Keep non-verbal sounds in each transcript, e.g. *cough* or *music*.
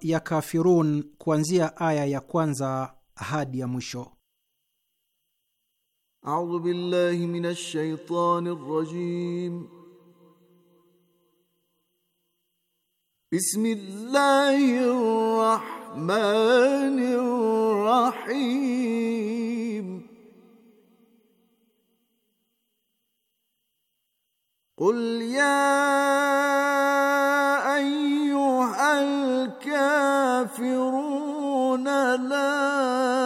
ya Kafirun kuanzia aya ya kwanza hadi ya mwisho. A'udhu billahi minash shaitani rajim. Bismillahir rahmanir rahim يعلمون لا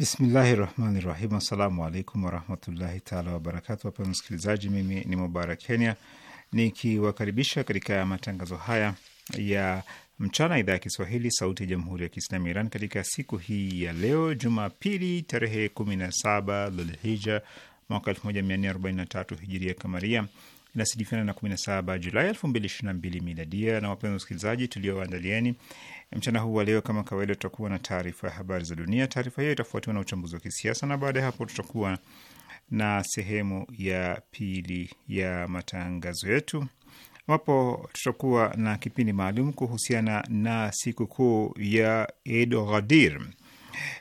Bismillahi rahmani rahim. Assalamu alaikum warahmatullahi taala wabarakatu. Wapenzi msikilizaji, mimi ni Mubarak Kenya nikiwakaribisha katika matangazo haya ya mchana, idhaa ya Kiswahili sauti ya jamhuri ya Kiislamu ya Iran katika siku hii ya leo Jumapili tarehe 17 Dhulhija mwaka 1443 hijiria kamaria inasadifiana na 17 Julai 2022 miladia. Na wapenzi wasikilizaji, tulioandalieni mchana huu wa leo, kama kawaida, tutakuwa na taarifa ya habari za dunia. Taarifa hiyo itafuatiwa na uchambuzi wa kisiasa, na baada ya hapo tutakuwa na sehemu ya pili ya matangazo yetu ambapo tutakuwa na kipindi maalum kuhusiana na sikukuu ya Eid al-Ghadir.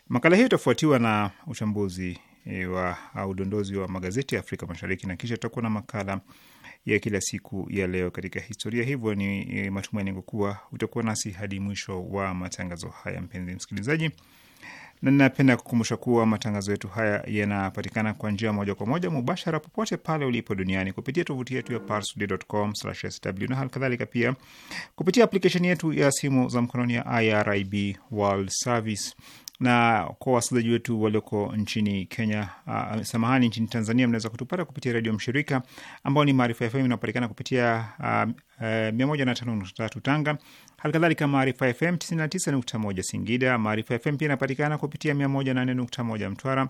Makala hiyo itafuatiwa na uchambuzi eh, wa udondozi wa magazeti ya Afrika Mashariki, na kisha tutakuwa na makala ya kila siku ya leo katika historia. Hivyo ni eh, matumaini yangu kuwa utakuwa nasi hadi mwisho wa matangazo haya, mpenzi msikilizaji, na ninapenda kukumbusha kuwa matangazo yetu haya yanapatikana kwa njia moja kwa moja mubashara popote pale ulipo duniani kupitia tovuti yetu ya parstoday.com/sw na hali kadhalika pia kupitia aplikesheni yetu ya simu za mkononi ya IRIB World Service na kwa wasikilizaji wetu walioko nchini Kenya, uh, samahani, nchini Tanzania, mnaweza kutupata kupitia redio mshirika ambao ni Maarifa FM, inapatikana kupitia uh, uh, 105.3 Tanga, halikadhalika Maarifa FM 99.1 Singida. Maarifa FM pia inapatikana kupitia 108.1 Mtwara,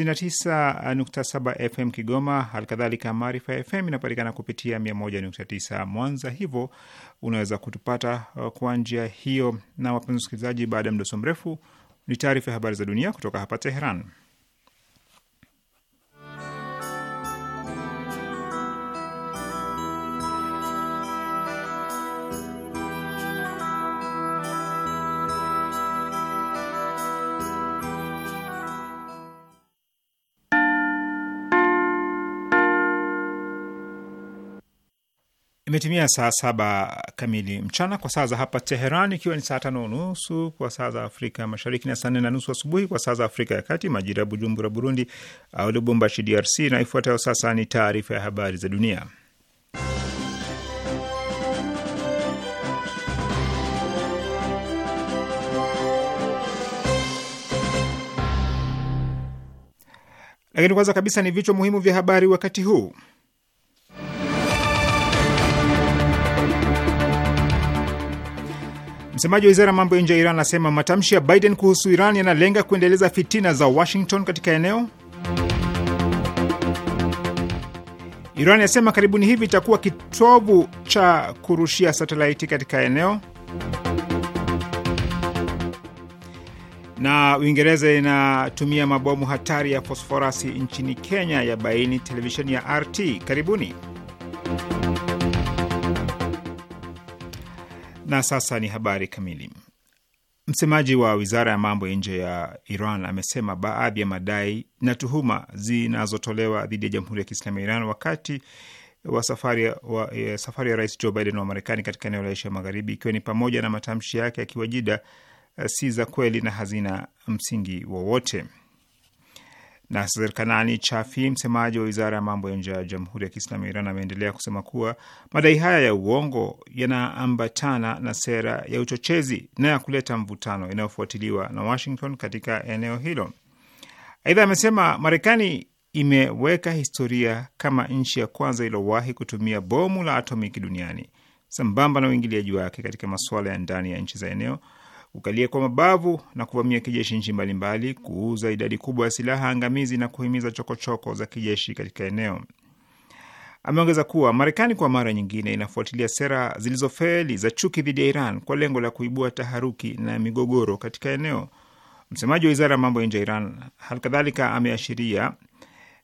99.7 ah, FM Kigoma, halikadhalika Maarifa FM inapatikana kupitia 101.9 Mwanza. Hivyo unaweza kutupata uh, kwa njia hiyo. Na wapenzi wasikilizaji, baada ya mdoso mrefu ni taarifa ya habari za dunia kutoka hapa Teheran. Imetimia saa saba kamili mchana kwa saa za hapa Teheran, ikiwa ni saa tano nusu kwa saa za Afrika Mashariki na saa nne na nusu asubuhi kwa saa za Afrika ya Kati, majira ya Bujumbura, Burundi au Lubumbashi, DRC. Na ifuatayo sasa ni taarifa ya habari za dunia, lakini kwanza kabisa ni vichwa muhimu vya habari wakati huu. Msemaji wa wizara ya mambo ya nje ya Iran anasema matamshi ya Biden kuhusu Iran yanalenga kuendeleza fitina za Washington katika eneo. Iran yasema karibuni hivi itakuwa kitovu cha kurushia satelaiti katika eneo. Na Uingereza inatumia mabomu hatari ya fosforasi nchini Kenya, ya baini televisheni ya RT. Karibuni. Na sasa ni habari kamili. Msemaji wa wizara ya mambo ya nje ya Iran amesema baadhi ya madai na tuhuma zinazotolewa dhidi ya jamhuri ya kiislamu ya Iran wakati wa safari, wa, ya safari ya rais Joe Biden wa Marekani katika eneo la Asia Magharibi, ikiwa ni pamoja na matamshi yake akiwa Jida eh, si za kweli na hazina msingi wowote. Nasser Kanani Chafi, msemaji wa wizara ya mambo ya nje ya Jamhuri ya Kiislamu ya Iran, ameendelea kusema kuwa madai haya ya uongo yanaambatana na sera ya uchochezi na ya kuleta mvutano inayofuatiliwa na Washington katika eneo hilo. Aidha amesema Marekani imeweka historia kama nchi ya kwanza iliyowahi kutumia bomu la atomiki duniani sambamba na uingiliaji wake katika masuala ya ndani ya nchi za eneo kukalia kwa mabavu na kuvamia kijeshi nchi mbalimbali, kuuza idadi kubwa ya silaha angamizi na kuhimiza chokochoko choko za kijeshi katika eneo. Ameongeza kuwa Marekani kwa mara nyingine inafuatilia sera zilizofeli za chuki dhidi ya Iran kwa lengo la kuibua taharuki na migogoro katika eneo. Msemaji wa wizara ya mambo ya nje ya Iran halikadhalika ameashiria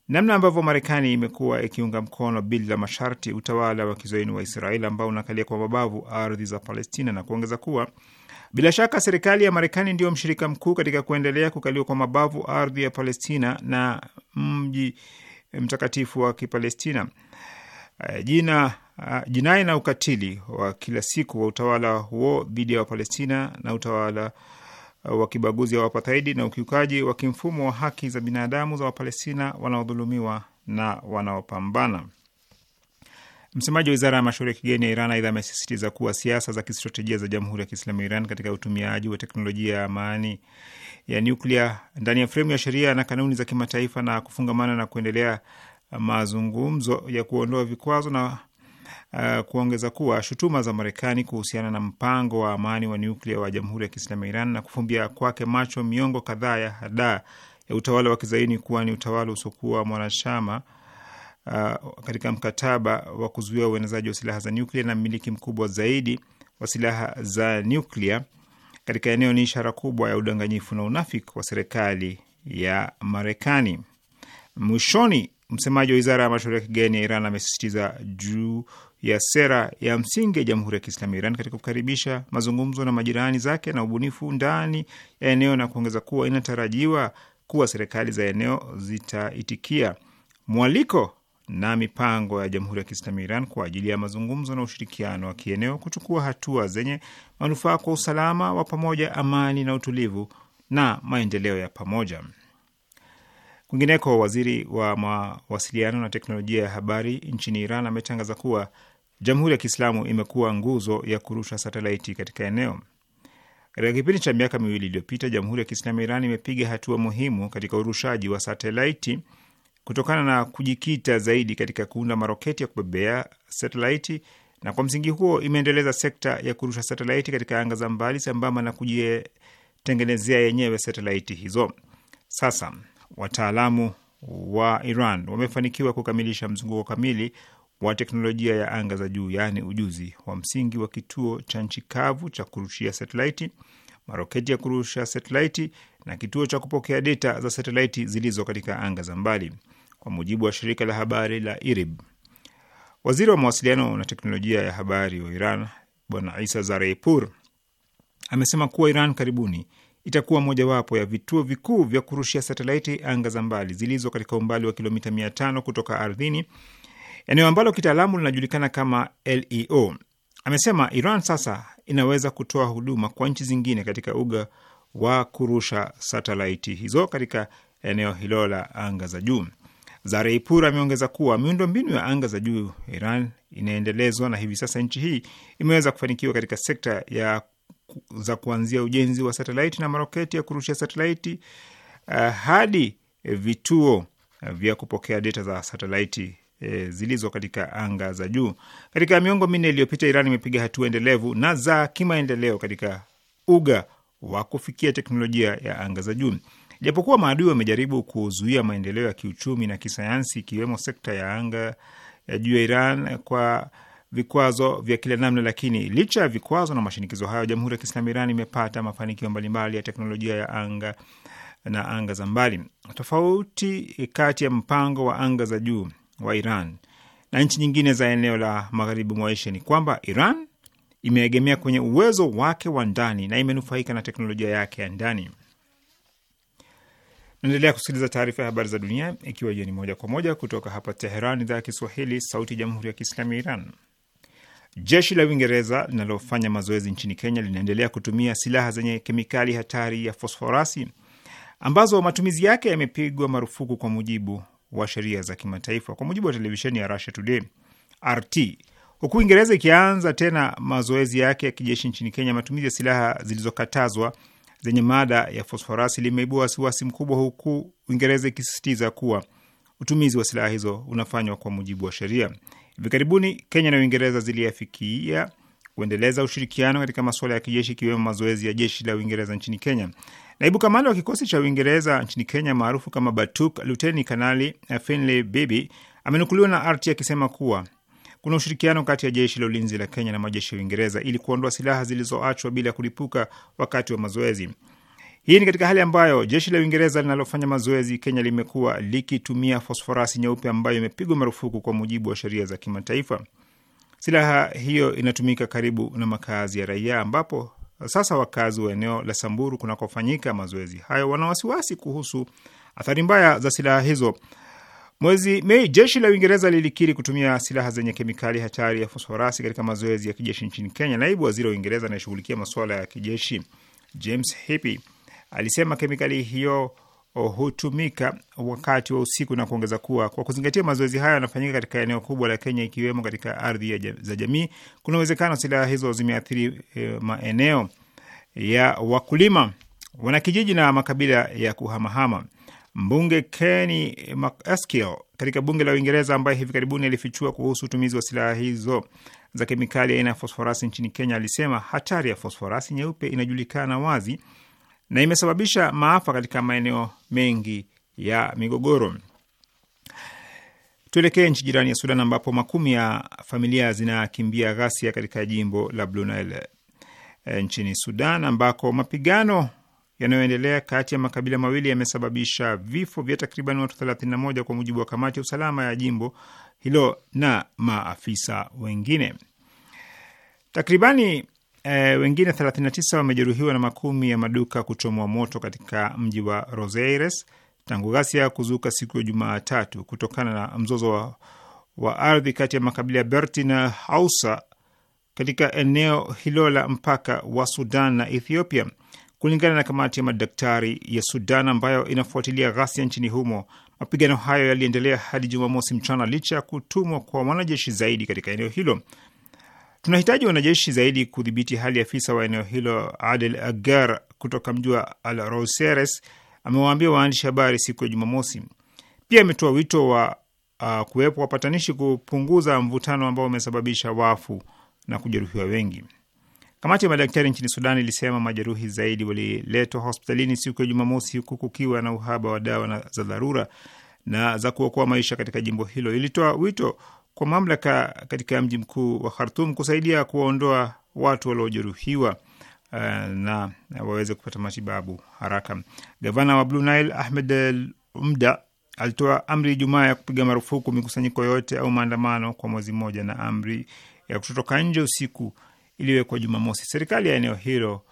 namna ambavyo Marekani imekuwa ikiunga mkono bila masharti utawala wa kizoini wa Israeli ambao unakalia kwa mabavu ardhi za Palestina na kuongeza kuwa bila shaka serikali ya Marekani ndiyo mshirika mkuu katika kuendelea kukaliwa kwa mabavu ardhi ya Palestina na mji eh, mtakatifu wa Kipalestina. Eh, jina ah, jinai na ukatili wa kila siku wa utawala huo dhidi ya Wapalestina na utawala ah, wa kibaguzi wa wapathaidi na ukiukaji wa kimfumo wa haki za binadamu za Wapalestina wanaodhulumiwa na wanaopambana Msemaji wa wizara ya mashauri ya kigeni ya Iran aidha amesisitiza kuwa siasa za kistratejia za Jamhuri ya Kiislamu ya Iran katika utumiaji wa teknolojia ya amani ya nuklia ndani ya fremu ya sheria na kanuni za kimataifa na kufungamana na kuendelea mazungumzo ya kuondoa vikwazo na uh, kuongeza kuwa shutuma za Marekani kuhusiana na mpango wa amani wa nuklia wa Jamhuri ya Kiislamu ya Iran na kufumbia kwake macho miongo kadhaa ya hadaa ya utawala wa kizaini kuwa ni utawala usiokuwa mwanachama uh, katika mkataba wa kuzuia uenezaji wa silaha za nyuklia na mmiliki mkubwa zaidi wa silaha za nyuklia katika eneo ni ishara kubwa ya udanganyifu na unafiki wa serikali ya Marekani. Mwishoni, msemaji wa wizara ya mashauri ya kigeni ya Iran amesisitiza juu ya sera ya msingi ya Jamhuri ya Kiislamu ya Iran katika kukaribisha mazungumzo na majirani zake na ubunifu ndani ya eneo na kuongeza kuwa inatarajiwa kuwa serikali za eneo zitaitikia mwaliko na mipango ya Jamhuri ya Kiislamu ya Iran kwa ajili ya mazungumzo na ushirikiano wa kieneo, kuchukua hatua zenye manufaa kwa usalama wa pamoja, amani na utulivu na maendeleo ya pamoja. Kwingineko, waziri wa mawasiliano na teknolojia ya habari nchini Iran ametangaza kuwa Jamhuri ya Kiislamu imekuwa nguzo ya kurusha satelaiti katika eneo. Katika kipindi cha miaka miwili iliyopita, Jamhuri ya Kiislamu ya Iran imepiga hatua muhimu katika urushaji wa satelaiti kutokana na kujikita zaidi katika kuunda maroketi ya kubebea satelaiti, na kwa msingi huo imeendeleza sekta ya kurusha satelaiti katika anga za mbali sambamba na kujitengenezea yenyewe satelaiti hizo. Sasa wataalamu wa Iran wamefanikiwa kukamilisha mzunguko kamili wa teknolojia ya anga za juu, yaani ujuzi wa msingi wa kituo cha nchi kavu cha kurushia satelaiti, maroketi ya kurusha satelaiti na kituo cha kupokea data za satelaiti zilizo katika anga za mbali kwa mujibu wa shirika la habari la IRIB. Waziri wa mawasiliano na teknolojia ya habari wa Iran Bwana Isa Zareipur amesema kuwa Iran karibuni itakuwa mojawapo ya vituo vikuu vya kurushia satelaiti anga za mbali zilizo katika umbali wa kilomita 500 kutoka ardhini, eneo ambalo kitaalamu linajulikana kama LEO. Amesema Iran sasa inaweza kutoa huduma kwa nchi zingine katika uga wa kurusha satelaiti hizo katika eneo hilo la anga za juu. Zareipur ameongeza kuwa miundo mbinu ya anga za juu Iran inaendelezwa na hivi sasa nchi hii imeweza kufanikiwa katika sekta ya za kuanzia ujenzi wa satelaiti na maroketi ya kurushia satelaiti uh, eh, hadi vituo vya kupokea data za satelaiti e, eh, zilizo katika anga za juu. Katika miongo minne iliyopita, Iran imepiga hatua endelevu na za kimaendeleo katika uga wa kufikia teknolojia ya anga za juu. Japokuwa maadui wamejaribu kuzuia maendeleo ya kiuchumi na kisayansi, ikiwemo sekta ya anga ya eh, juu ya Iran kwa vikwazo vya kila namna, lakini licha ya vikwazo na mashinikizo hayo, Jamhuri ya Kiislamu Iran imepata mafanikio mbalimbali ya teknolojia ya anga na anga za mbali. Tofauti kati ya mpango wa anga za juu wa Iran na nchi nyingine za eneo la magharibi mwa Asia ni kwamba Iran imeegemea kwenye uwezo wake wa ndani na imenufaika na teknolojia yake ya ndani. Naendelea kusikiliza taarifa ya habari za dunia, ikiwa hiyo ni moja kwa moja kutoka hapa Teheran, idhaa ya Kiswahili, sauti ya jamhuri ya kiislamu ya Iran. Jeshi la Uingereza linalofanya mazoezi nchini Kenya linaendelea kutumia silaha zenye kemikali hatari ya fosforasi ambazo matumizi yake yamepigwa marufuku kwa mujibu wa sheria za kimataifa. Kwa mujibu wa televisheni ya Russia Today RT, huku Uingereza ikianza tena mazoezi yake ya kijeshi nchini Kenya, matumizi ya silaha zilizokatazwa zenye mada ya fosforasi limeibua wasiwasi mkubwa, huku Uingereza ikisisitiza kuwa utumizi wa silaha hizo unafanywa kwa mujibu wa sheria. Hivi karibuni Kenya na Uingereza ziliafikia kuendeleza ushirikiano katika masuala ya kijeshi ikiwemo mazoezi ya jeshi la Uingereza nchini Kenya. Naibu kamanda wa kikosi cha Uingereza nchini Kenya maarufu kama Batuk, Luteni Kanali Finley Bibi amenukuliwa na Arti akisema kuwa kuna ushirikiano kati ya jeshi la ulinzi la Kenya na majeshi ya Uingereza ili kuondoa silaha zilizoachwa bila kulipuka wakati wa mazoezi. Hii ni katika hali ambayo jeshi la Uingereza linalofanya mazoezi Kenya limekuwa likitumia fosforasi nyeupe ambayo imepigwa marufuku kwa mujibu wa sheria za kimataifa. Silaha hiyo inatumika karibu na makazi ya raia, ambapo sasa wakazi wa eneo la Samburu kunakofanyika mazoezi hayo wana wasiwasi kuhusu athari mbaya za silaha hizo Mwezi Mei jeshi la Uingereza lilikiri kutumia silaha zenye kemikali hatari ya fosforasi katika mazoezi ya kijeshi nchini Kenya. Naibu waziri wa Uingereza anayeshughulikia masuala ya kijeshi James Heappey alisema kemikali hiyo hutumika wakati wa usiku na kuongeza kuwa kwa kuzingatia mazoezi hayo yanafanyika katika eneo kubwa la Kenya, ikiwemo katika ardhi za jamii, kuna uwezekano silaha hizo zimeathiri e, maeneo ya wakulima, wanakijiji na makabila ya kuhamahama. Mbunge Kenny MacAskill katika bunge la Uingereza, ambaye hivi karibuni alifichua kuhusu utumizi wa silaha hizo za kemikali aina ya fosforasi nchini Kenya, alisema hatari ya fosforasi nyeupe inajulikana wazi na imesababisha maafa katika maeneo mengi ya migogoro. Tuelekee nchi jirani ya Sudan ambapo makumi ya familia zinakimbia ghasia katika jimbo la Blue Nile eh, nchini Sudan ambako mapigano yanayoendelea kati ya makabila mawili yamesababisha vifo vya takriban watu 31 kwa mujibu wa kamati ya usalama ya jimbo hilo na maafisa wengine. Takribani e, wengine 39 wamejeruhiwa na makumi ya maduka kuchomwa moto katika mji wa Rosaires tangu ghasia kuzuka siku ya Jumatatu kutokana na mzozo wa, wa ardhi kati ya makabila ya Berti na Hausa katika eneo hilo la mpaka wa Sudan na Ethiopia. Kulingana na kamati ya madaktari ya Sudan ambayo inafuatilia ghasia nchini humo, mapigano hayo yaliendelea hadi Jumamosi mchana licha ya kutumwa kwa wanajeshi zaidi katika eneo hilo. Tunahitaji wanajeshi zaidi kudhibiti hali, afisa wa eneo hilo Adel Agar kutoka mji wa Al Roseres amewaambia waandishi habari siku ya Jumamosi. Pia ametoa wito wa uh, kuwepo wapatanishi kupunguza mvutano ambao umesababisha wafu na kujeruhiwa wengi. Kamati ya madaktari nchini Sudan ilisema majeruhi zaidi waliletwa hospitalini siku ya Jumamosi, huku kukiwa na uhaba wa dawa za dharura na za kuokoa maisha katika jimbo hilo. Ilitoa wito kwa mamlaka katika mji mkuu wa Khartum kusaidia kuwaondoa watu waliojeruhiwa uh, na waweze kupata matibabu haraka. Gavana wa Blue Nile Ahmed Al Umda alitoa amri Ijumaa ya kupiga marufuku mikusanyiko yote au maandamano kwa mwezi mmoja na amri ya kutotoka nje usiku iliyowekwa Jumamosi. Serikali ya eneo hilo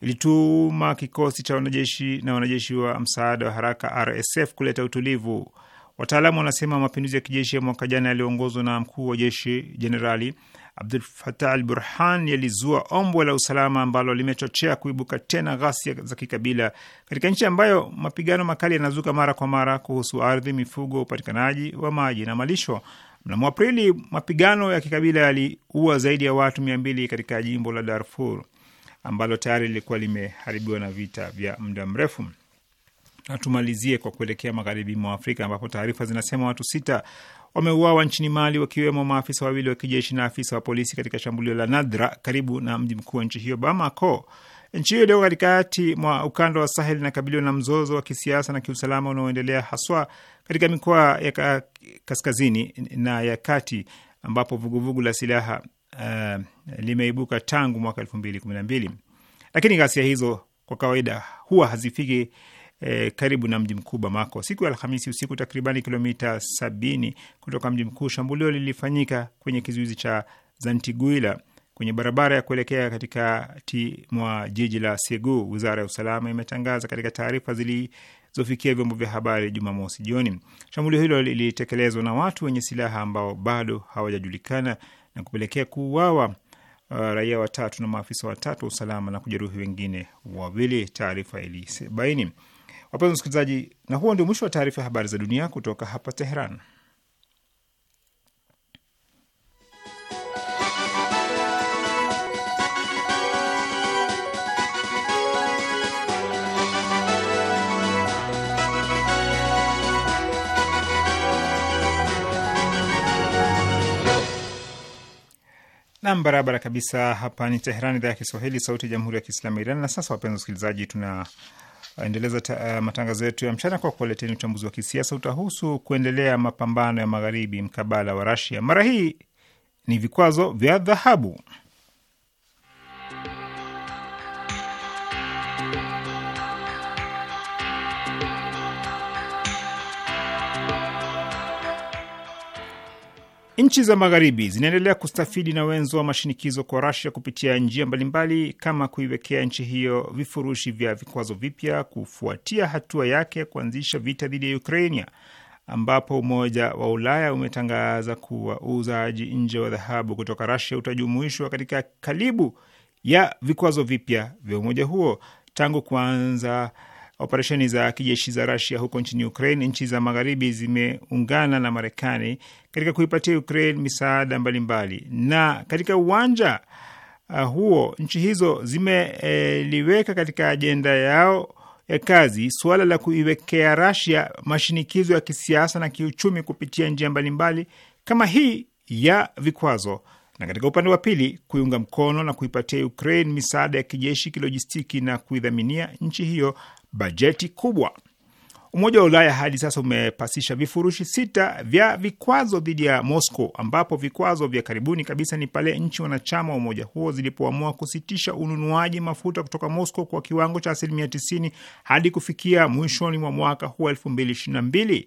ilituma kikosi cha wanajeshi na wanajeshi wa msaada wa haraka RSF kuleta utulivu. Wataalamu wanasema mapinduzi ya kijeshi ya mwaka jana yaliyoongozwa na mkuu wa jeshi Jenerali Abdul Fatah al Burhan yalizua ombwe la usalama ambalo limechochea kuibuka tena ghasia za kikabila katika nchi ambayo mapigano makali yanazuka mara kwa mara kuhusu ardhi, mifugo, upatikanaji wa maji na malisho. Mnamo Aprili, mapigano ya kikabila yaliua zaidi ya watu mia mbili katika jimbo la Darfur ambalo tayari lilikuwa limeharibiwa na vita vya muda mrefu. Na tumalizie kwa kuelekea magharibi mwa Afrika ambapo taarifa zinasema watu sita wameuawa nchini Mali, wakiwemo maafisa wawili wa kijeshi na afisa wa polisi katika shambulio la nadra karibu na mji mkuu wa nchi hiyo Bamako. Nchi hiyo iliyo katikati mwa ukanda wa Sahel inakabiliwa na mzozo wa kisiasa na kiusalama unaoendelea haswa katika mikoa ya kaskazini na ya kati ambapo vuguvugu la silaha uh, limeibuka tangu mwaka elfu mbili kumi na mbili, lakini ghasia hizo kwa kawaida huwa hazifiki E, karibu na mji mkuu Bamako. Siku ya Alhamisi usiku, takribani kilomita sabini kutoka mji mkuu, shambulio lilifanyika kwenye kizuizi cha Zantiguila kwenye barabara ya kuelekea katikati mwa jiji la Segu. Wizara ya usalama imetangaza katika taarifa zilizofikia vyombo vya habari Jumamosi jioni. Shambulio hilo lilitekelezwa na watu wenye silaha ambao bado hawajajulikana na kupelekea kuuawa Uh, raia watatu na maafisa watatu wa usalama na kujeruhi wengine wawili, taarifa ilibaini. Wapenzi wasikilizaji, na huo ndio mwisho wa taarifa ya habari za dunia kutoka hapa Teheran. Nam, barabara kabisa. Hapa ni Teheran, idhaa ya Kiswahili, sauti ya jamhuri ya kiislamu ya Iran. Na sasa, wapenzi wasikilizaji, tunaendeleza uh, matangazo yetu ya mchana kwa kuwaleteni uchambuzi wa kisiasa. Utahusu kuendelea mapambano ya magharibi mkabala wa Rasia, mara hii ni vikwazo vya dhahabu. Nchi za magharibi zinaendelea kustafidi na wenzo wa mashinikizo kwa Rasia kupitia njia mbalimbali kama kuiwekea nchi hiyo vifurushi vya vikwazo vipya kufuatia hatua yake ya kuanzisha vita dhidi ya Ukrainia, ambapo Umoja wa Ulaya umetangaza kuwa uuzaji nje wa dhahabu kutoka Rasia utajumuishwa katika kalibu ya vikwazo vipya vya umoja huo tangu kuanza operesheni za kijeshi za Rusia huko nchini Ukraine, nchi za magharibi zimeungana na Marekani katika kuipatia Ukraine misaada mbalimbali mbali. Na katika uwanja uh, huo nchi hizo zimeliweka eh, katika ajenda yao ya kazi suala la kuiwekea Rusia mashinikizo ya kisiasa na kiuchumi kupitia njia mbalimbali kama hii ya vikwazo na katika upande wa pili kuiunga mkono na kuipatia Ukraine misaada ya kijeshi, kilojistiki na kuidhaminia nchi hiyo bajeti kubwa. Umoja wa Ulaya hadi sasa umepasisha vifurushi sita vya vikwazo dhidi ya Moscow, ambapo vikwazo vya karibuni kabisa ni pale nchi wanachama wa umoja huo zilipoamua kusitisha ununuaji mafuta kutoka Moscow kwa kiwango cha asilimia 90 hadi kufikia mwishoni mwa mwaka huu 2022.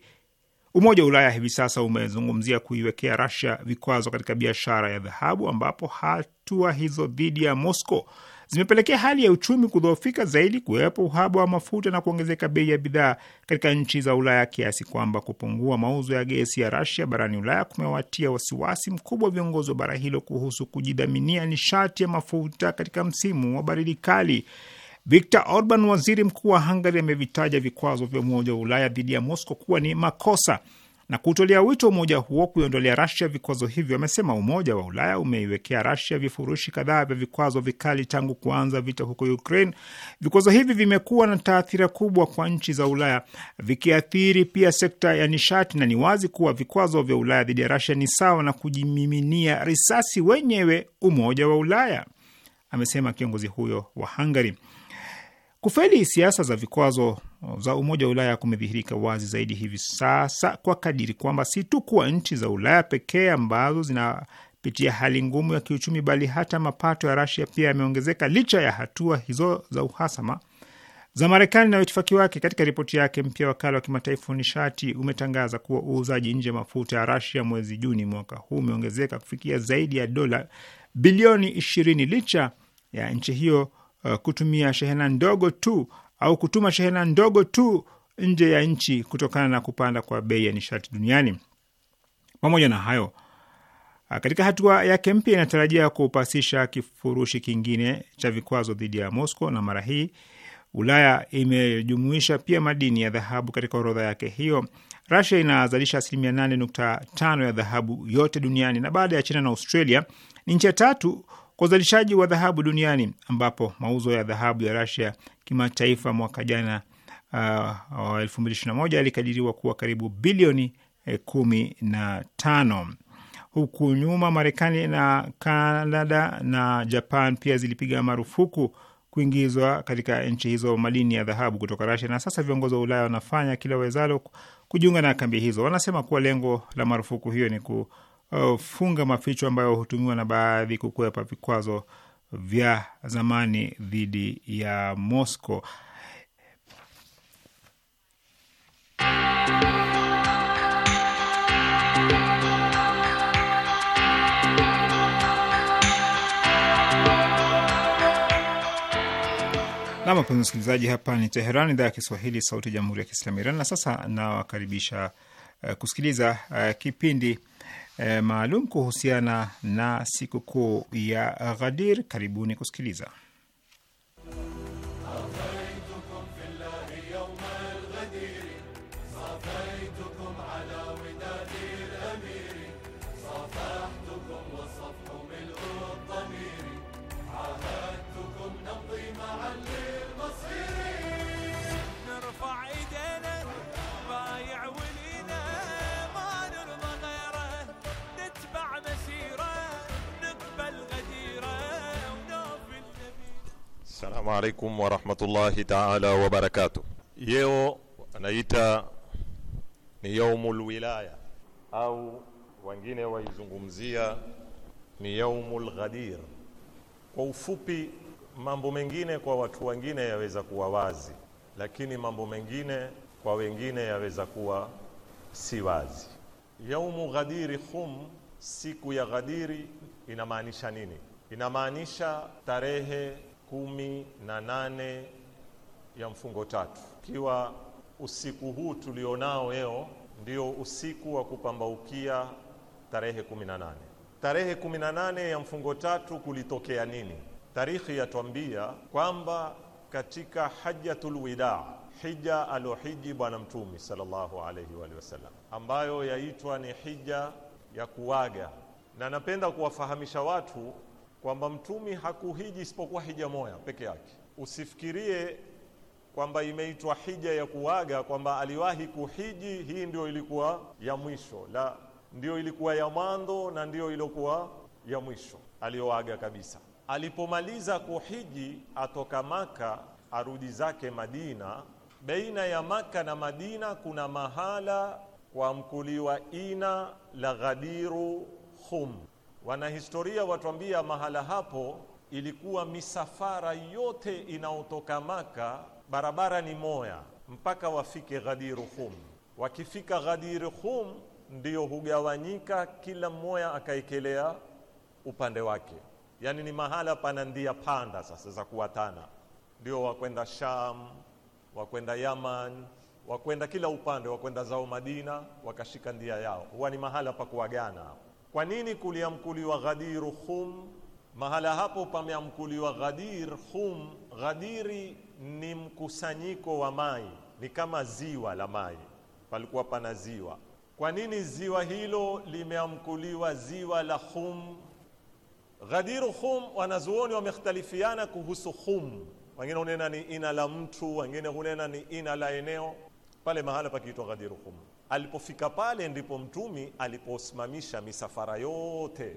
Umoja wa Ulaya hivi sasa umezungumzia kuiwekea Russia vikwazo katika biashara ya dhahabu, ambapo hatua hizo dhidi ya Moscow zimepelekea hali ya uchumi kudhoofika zaidi, kuwepo uhaba wa mafuta na kuongezeka bei ya bidhaa katika nchi za Ulaya, kiasi kwamba kupungua mauzo ya gesi ya Rasia barani Ulaya kumewatia wasiwasi mkubwa viongozi wa bara hilo kuhusu kujidhaminia nishati ya mafuta katika msimu wa baridi kali. Viktor Orban, waziri mkuu wa Hungary, amevitaja vikwazo vya Umoja wa Ulaya dhidi ya Moscow kuwa ni makosa na kutolea wito umoja huo kuiondolea Rasia vikwazo hivyo. Amesema Umoja wa Ulaya umeiwekea Rasia vifurushi kadhaa vya vikwazo vikali tangu kuanza vita huko Ukraine. Vikwazo hivi vimekuwa na taathira kubwa kwa nchi za Ulaya, vikiathiri pia sekta ya nishati, na ni wazi kuwa vikwazo vya Ulaya dhidi ya Rasia ni sawa na kujimiminia risasi wenyewe Umoja wa Ulaya, amesema kiongozi huyo wa Hungary. Kufeli siasa za vikwazo uh, za Umoja wa Ulaya kumedhihirika wazi zaidi hivi sasa kwa kadiri kwamba si tu kuwa nchi za Ulaya pekee ambazo zinapitia hali ngumu ya kiuchumi, bali hata mapato ya Rasia pia yameongezeka licha ya hatua hizo za uhasama za Marekani na waitifaki wake. Katika ripoti yake mpya, wakala wa kimataifa wa nishati umetangaza kuwa uuzaji nje mafuta ya Rasia mwezi Juni mwaka huu umeongezeka kufikia zaidi ya dola bilioni ishirini licha ya nchi hiyo Uh, kutumia shehena ndogo tu au kutuma shehena ndogo tu nje ya nchi kutokana na kupanda kwa bei ya nishati duniani. Pamoja na hayo, uh, katika hatua yake mpya inatarajia kupasisha kifurushi kingine cha vikwazo dhidi ya Moscow, na mara hii Ulaya imejumuisha pia madini ya dhahabu katika orodha yake hiyo. Rusia inazalisha asilimia 8.5 ya dhahabu yote duniani, na baada ya China na Australia ni nchi ya tatu kwa uzalishaji wa dhahabu duniani ambapo mauzo ya dhahabu ya Rasia kimataifa mwaka jana uh, elfu mbili ishirini na moja yalikadiriwa kuwa karibu bilioni eh, kumi na tano. Huku nyuma Marekani na Kanada na Japan pia zilipiga marufuku kuingizwa katika nchi hizo madini ya dhahabu kutoka Rasia, na sasa viongozi wa Ulaya wanafanya kila wezalo kujiunga na kambi hizo. Wanasema kuwa lengo la marufuku hiyo ni ku kufunga eh, maficho ambayo hutumiwa na baadhi kukwepa vikwazo vya zamani dhidi ya Moscow. Nam, wapenzi msikilizaji, hapa ni Teheran, idhaa ya Kiswahili, sauti ya jamhuri ya kiislamu Iran. Na sasa nawakaribisha uh, kusikiliza uh, kipindi e, maalum kuhusiana na sikukuu ya Ghadir. Karibuni kusikiliza. alaikum warahmatullahi taala wabarakatuh. Yeo anaita ni yaumul wilaya au wengine waizungumzia ni yaumul ghadir. Kwa ufupi, mambo mengine kwa watu wengine yaweza kuwa wazi, lakini mambo mengine kwa wengine yaweza kuwa si wazi. Yaumu ghadiri khum, siku ya ghadiri inamaanisha nini? Inamaanisha tarehe kumi na nane ya mfungo tatu, ikiwa usiku huu tulionao leo ndio usiku wa kupambaukia tarehe kumi na nane tarehe kumi na nane ya mfungo tatu kulitokea nini? Tarikhi yatwambia kwamba katika hajjatul wida, hija alohiji Bwana Mtume sallallahu alayhi wa sallam, ambayo yaitwa ni hija ya kuwaga, na napenda kuwafahamisha watu kwamba mtumi hakuhiji isipokuwa hija moja peke yake. Usifikirie kwamba imeitwa hija ya kuaga kwamba aliwahi kuhiji, hii ndio ilikuwa ya mwisho, la ndio ilikuwa ya mwanzo na ndio iliokuwa ya mwisho aliyoaga kabisa. Alipomaliza kuhiji atoka Maka arudi zake Madina. Baina ya Maka na Madina kuna mahala kwa mkuliwa ina la Ghadiru Khum Wanahistoria watuambia mahala hapo ilikuwa misafara yote inaotoka Maka, barabara ni moya mpaka wafike Ghadir Khum. Wakifika Ghadir Khum ndio hugawanyika, kila mmoja akaekelea upande wake, yaani ni mahala pana ndia panda sasa za kuwatana, ndio wakwenda Sham, wakwenda Yaman, wakwenda kila upande, wakwenda zao Madina, wakashika ndia yao. Huwa ni mahala pa kuwagana hapo. Kwa nini kuliamkuliwa Ghadir Khum? Mahala hapo pameamkuliwa Ghadir Khum. Ghadiri ni mkusanyiko wa mai, ni kama ziwa la mai, palikuwa pana ziwa. Kwa nini ziwa hilo limeamkuliwa ziwa la Khum? Ghadir Khum, wanazuoni wamekhtalifiana kuhusu Khum. Wengine hunena ni ina la mtu, wengine hunena ni ina la eneo. Pale mahala pakiitwa Ghadir Khum. Alipofika pale ndipo mtumi aliposimamisha misafara yote,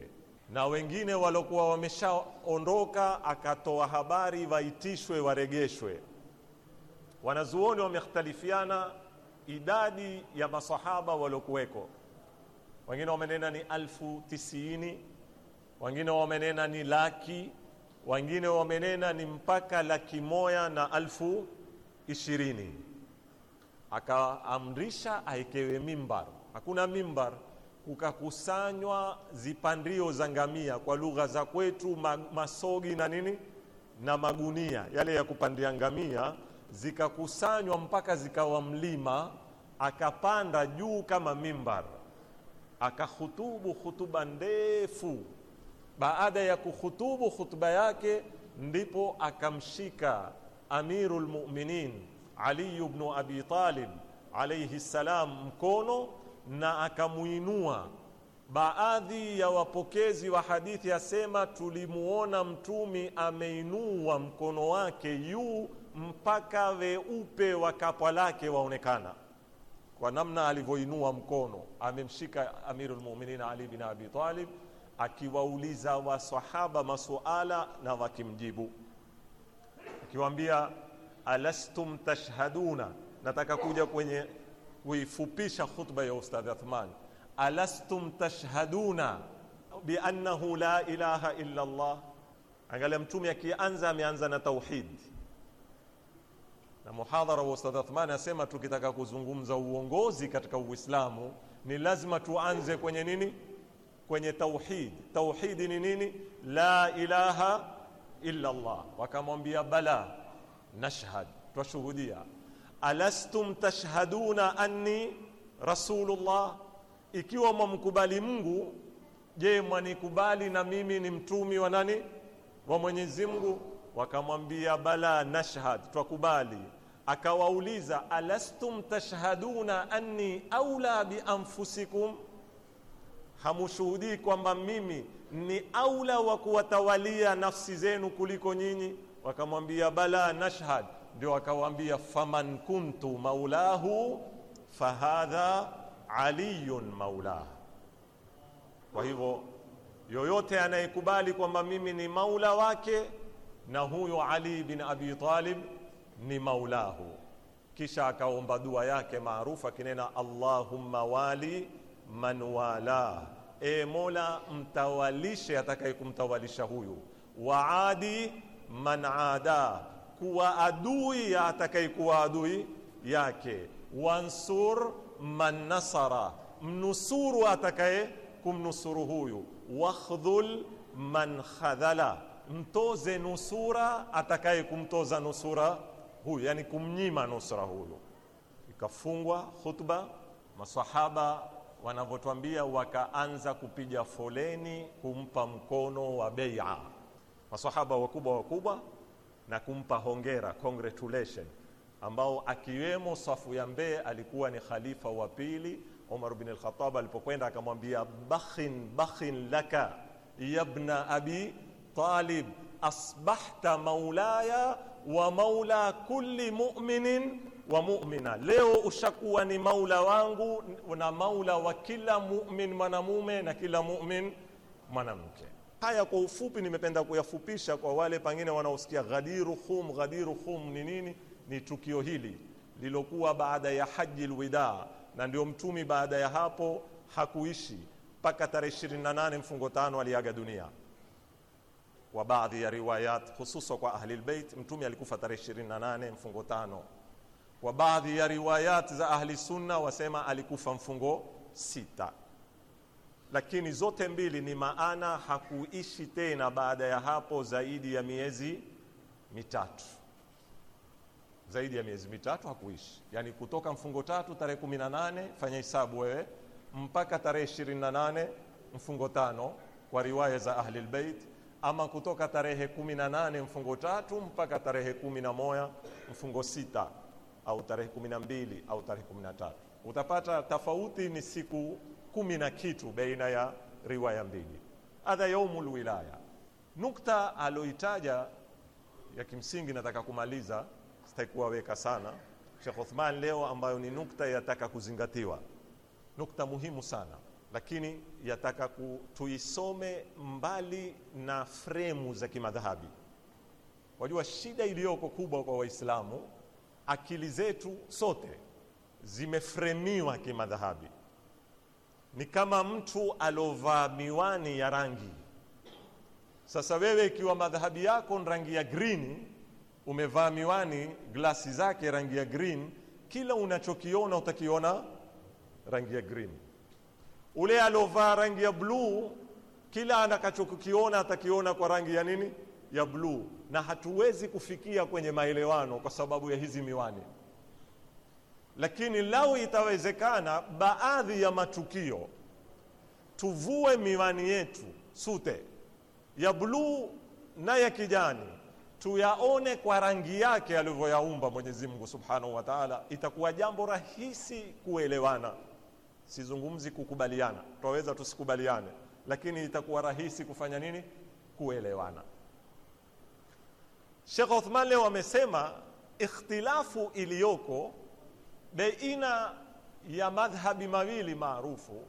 na wengine waliokuwa wameshaondoka akatoa habari waitishwe, waregeshwe. Wanazuoni wamekhtalifiana idadi ya masahaba waliokuweko, wengine wamenena ni alfu tisini, wengine wamenena ni laki, wengine wamenena ni mpaka laki moya na alfu ishirini akaamrisha aekewe mimbar. Hakuna mimbar, kukakusanywa zipandio za ngamia, kwa lugha za kwetu masogi na nini na magunia yale ya kupandia ngamia, zikakusanywa mpaka zikawa mlima, akapanda juu kama mimbar, akahutubu hutuba ndefu. Baada ya kuhutubu hutuba yake, ndipo akamshika Amirul Mu'minin ali ibn Abi Talib alayhi salam mkono na akamuinua. Baadhi ya wapokezi wa hadithi asema tulimuona mtumi ameinua mkono wake juu mpaka weupe wa kapwa lake waonekana, kwa namna alivyoinua mkono amemshika Amirul Mu'minin Ali bin Abi Talib, akiwauliza wasahaba masuala na wakimjibu, akiwaambia alastum tashhaduna, nataka kuja kwenye kuifupisha khutba ya Ustadh Athman. Alastum tashhaduna biannahu la ilaha illa Allah. Angalia mtume akianza, ameanza na tauhid, na muhadhara wa Ustadh Athman asema tukitaka kuzungumza uongozi katika Uislamu ni lazima tuanze kwenye nini? Kwenye tauhid. Tauhidi ni nini? La ilaha illa Allah. Wakamwambia bala nashhad, twashuhudia. Alastum tashhaduna anni rasulullah, ikiwa mwamkubali Mungu, je, mwanikubali na mimi ni mtumi wa nani? Wa Mwenyezi Mungu. Wakamwambia bala nashhad, twakubali. Akawauliza alastum tashhaduna anni aula bi anfusikum hamushuhudii kwamba mimi ni aula wa kuwatawalia nafsi zenu kuliko nyinyi? wakamwambia bala nashhad, ndio akawaambia faman kuntu maulahu fahadha aliyun maulah. Kwa hivyo yoyote anayekubali kwamba mimi ni maula wake na huyo Ali bin Abi Talib ni maulahu, kisha akaomba dua yake maarufu akinena, Allahumma wali man wala, e Mola mtawalishe atakaye kumtawalisha huyu waadi man ada, kuwa adui ya kuwa adui yake, wansur man nasara, mnusuru atakaye kumnusuru huyu, wakhdhul man khadhala, mtoze nusura atakaye kumtoza nusura huyu, yani kumnyima nusura huyu. Ikafungwa khutba, masahaba wanavyotwambia, wakaanza kupiga foleni kumpa mkono wa bai'a masahaba wakubwa wakubwa na kumpa hongera congratulation, ambao akiwemo safu ya mbee alikuwa ni khalifa wa pili Umar bin al-Khattab alipokwenda akamwambia, bakhin bakhin laka yabna abi Talib asbahta maulaya wa maula kulli mu'minin wa mu'mina, leo ushakuwa ni maula wangu na maula wa kila mu'min mwanamume na kila mu'min mwanamke. Haya kwa ufupi nimependa kuyafupisha kwa wale pengine wanaosikia Ghadiru Khum. Ghadiru Khum ni nini? Ni tukio hili lilokuwa baada ya haji alwida, na ndio mtumi baada ya hapo hakuishi mpaka tarehe 28 mfungo tano aliaga dunia. Wa baadhi ya riwayat hususa kwa ahli albayt, mtumi alikufa tarehe 28 mfungo tano. Wa baadhi ya riwayat za ahli sunna wasema alikufa mfungo sita lakini zote mbili ni maana hakuishi tena baada ya hapo zaidi ya miezi mitatu, zaidi ya miezi mitatu hakuishi. Yani kutoka mfungo tatu tarehe 18 fanya hesabu wewe mpaka tarehe nane mfungo tano kwa riwaya za Ahli Albayt, ama kutoka tarehe nane mfungo tatu mpaka tarehe moja mfungo sita au tarehe mbili au tarehe tatu utapata tofauti ni siku kumi na kitu baina ya riwaya mbili. adha yaumul wilaya, nukta aloitaja ya kimsingi, nataka kumaliza, sitaki kuwaweka sana Sheikh Uthman leo, ambayo ni nukta yataka kuzingatiwa, nukta muhimu sana lakini yataka tuisome mbali na fremu za kimadhahabi. Wajua shida iliyoko kubwa kwa Waislamu, akili zetu sote zimefremiwa kimadhahabi ni kama mtu alovaa miwani ya rangi. Sasa wewe ikiwa madhahabi yako rangi ya green, umevaa miwani glasi zake rangi ya green, kila unachokiona utakiona rangi ya green. Ule alovaa rangi ya bluu, kila anakachokiona atakiona kwa rangi ya nini? Ya bluu. Na hatuwezi kufikia kwenye maelewano kwa sababu ya hizi miwani. Lakini lau itawezekana, baadhi ya matukio tuvue miwani yetu sute ya bluu na ya kijani, tuyaone kwa rangi yake alivyoyaumba Mwenyezi Mungu Subhanahu wa Ta'ala, itakuwa jambo rahisi kuelewana. Sizungumzi kukubaliana, twaweza tusikubaliane, lakini itakuwa rahisi kufanya nini? Kuelewana. Sheikh Uthman leo amesema ikhtilafu iliyoko beina ya madhhabi mawili maarufu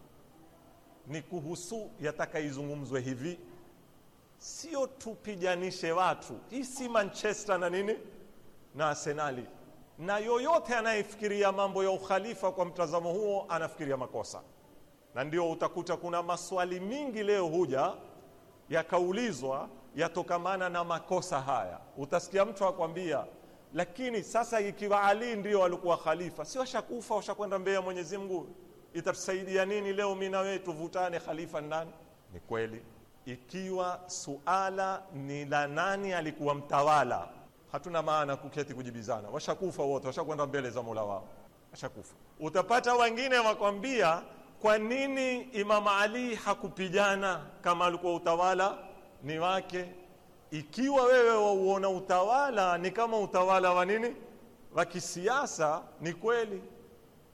ni kuhusu yatakaizungumzwe hivi, sio tupijanishe watu. Hii si Manchester na nini na Arsenali, na yoyote anayefikiria mambo ya ukhalifa kwa mtazamo huo anafikiria makosa, na ndio utakuta kuna maswali mingi leo huja yakaulizwa yatokamana na makosa haya. Utasikia mtu akwambia lakini sasa ikiwa Ali ndio alikuwa khalifa, si washakufa washakwenda mbele ya Mwenyezi Mungu, itatusaidia nini leo mimi na wewe tuvutane khalifa nani? Ni kweli, ikiwa suala ni la nani alikuwa mtawala, hatuna maana kuketi kujibizana, washakufa wote, washakwenda mbele za Mola wao, washakufa. Utapata wengine wakwambia, kwa nini Imam Ali hakupigana kama alikuwa utawala ni wake? ikiwa wewe wauona utawala ni kama utawala wa nini wa kisiasa, ni kweli